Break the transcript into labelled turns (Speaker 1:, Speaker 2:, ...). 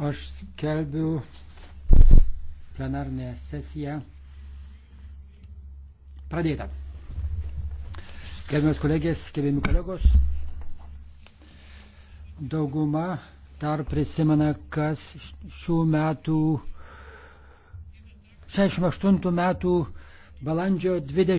Speaker 1: Aš skelbiu plenarnę sesiją pradėtą. Gerbiamas kolegės, gerbiami kolegos, dauguma dar prisimena, kas šių metų, 68 metų balandžio 20.